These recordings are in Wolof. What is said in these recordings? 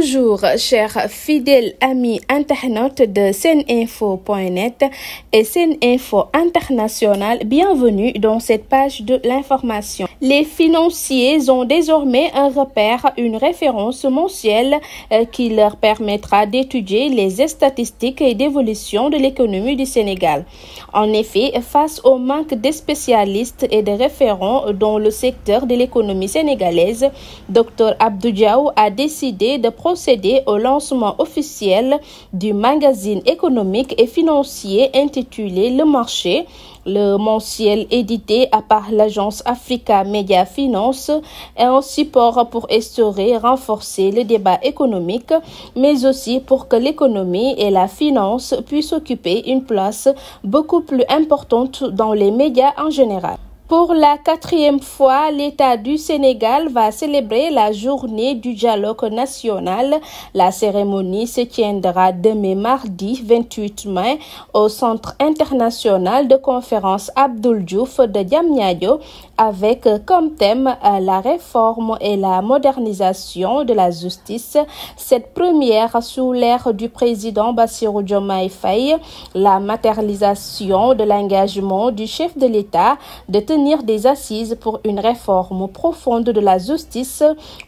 Bonjour, chers fidèles amis internautes de seninfo.net et Seninfo International. Bienvenue dans cette page de l'information. Les financiers ont désormais un repère, une référence mensuelle euh, qui leur permettra d'étudier les statistiques et d'évolution de l'économie du Sénégal. En effet, face au manque de spécialistes et de référents dans le secteur de l'économie sénégalaise, Dr Abdou a décidé de procédé au lancement officiel du magazine économique et financier intitulé Le marché. Le mensuel édité à par l'agence Africa Media Finance est un support pour instaurer, renforcer le débat économique, mais aussi pour que l'économie et la finance puissent occuper une place beaucoup plus importante dans les médias en général. Pour la quatrième fois, l'État du Sénégal va célébrer la journée du dialogue national. La cérémonie se tiendra demain mardi 28 mai au Centre international de conférence Abdoul Diouf de Diamniadio avec comme thème euh, la réforme et la modernisation de la justice. Cette première sous l'ère du président Bassirou Diomaye Faye, la matérialisation de l'engagement du chef de l'État de tenir des assises pour une réforme profonde de la justice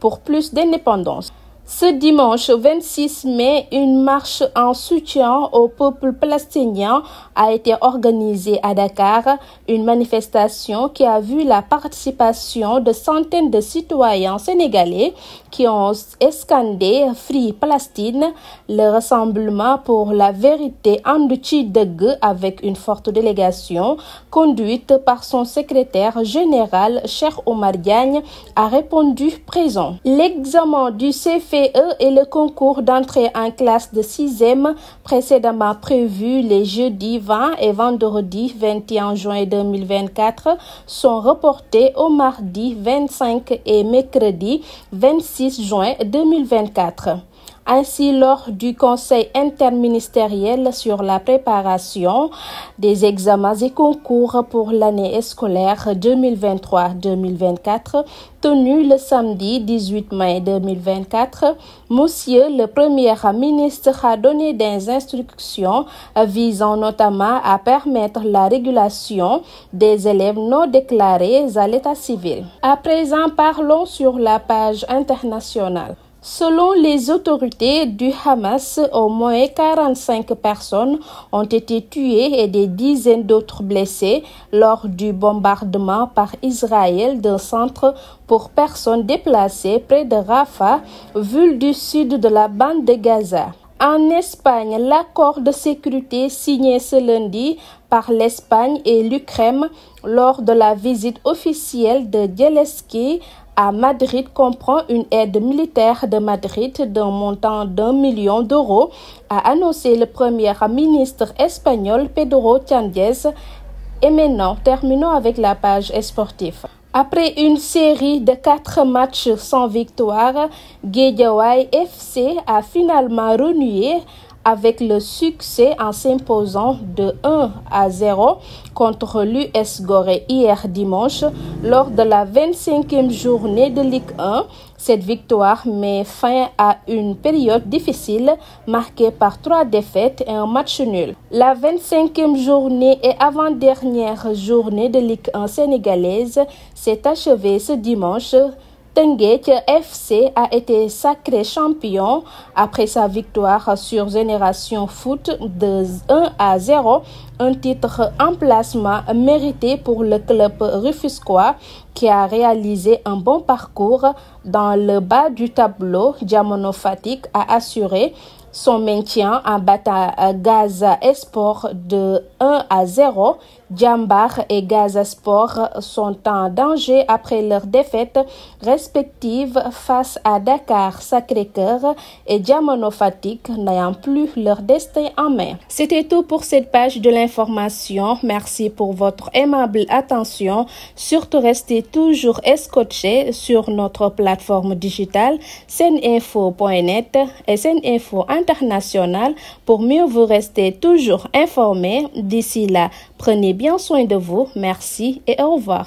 pour plus d'indépendance. Ce dimanche 26 mai, une marche en soutien au peuple palestinien a été organisée à une manifestation qui a vu la participation de centaines de citoyens sénégalais qui ont escandé Free Palestine, le rassemblement pour la vérité Andu Ci Dëgg avec une forte délégation conduite par son secrétaire général Cheikh Oumar Diagne a CE et le concours d'entrée en classe de sixième précédemment prévu les jeudis 20 et vendredi 21 juin 2024 sont reportés au mardi 25 et mercredi 26 juin 2024. Ainsi, lors du Conseil interministériel sur la préparation des examens et concours pour l'année scolaire 2023-2024, tenu le samedi 18 mai 2024, Monsieur le Premier ministre a donné des instructions visant notamment à permettre la régulation des élèves non déclarés à l'état civil. À présent, parlons sur la page internationale. Selon les autorités du Hamas, au moins 45 personnes ont été tuées et des dizaines d'autres blessées lors du bombardement par Israël d'un centre pour personnes déplacées près de Rafah, ville du sud de la bande de Gaza. En Espagne, l'accord de sécurité signé ce lundi par l'Espagne et l'Ukraine lors de la visite officielle de Zelensky à Madrid comprend une aide militaire de Madrid d'un montant d'un million d'euros, a annoncé le premier ministre espagnol Pedro Sánchez. Et maintenant, avec la page sportive. Après une série de quatre matchs sans victoire, Guédiawaye FC a finalement renoué avec le succès en s'imposant de 1 à 0 contre l'US Gorée hier dimanche lors de la 25e journée de Ligue 1. Cette victoire met fin à une période difficile marquée par trois défaites et un match nul. La 25e journée et avant-dernière journée de Ligue 1 sénégalaise s'est achevée ce dimanche Teungueth FC a été sacré champion après sa victoire sur Génération Foot de à 0, un titre en placement mérité pour le club rufisquois qui a réalisé un bon parcours dans le bas du tableau. Diamono Fatick a assuré son maintien en battant Gaza Esport de 1 à 0 Djambar et Gaza Sport sont en danger après leur défaite respective face à Dakar Sacré-Cœur et Diamono Fatick n'ayant plus leur destin en main. C'était tout pour cette page de l'information. Merci pour votre aimable attention. Surtout restez toujours escotchés sur notre plateforme digitale seninfo.net et seninfo international pour mieux vous rester toujours informés. D'ici là, Prenez bien soin de vous. Merci et au revoir.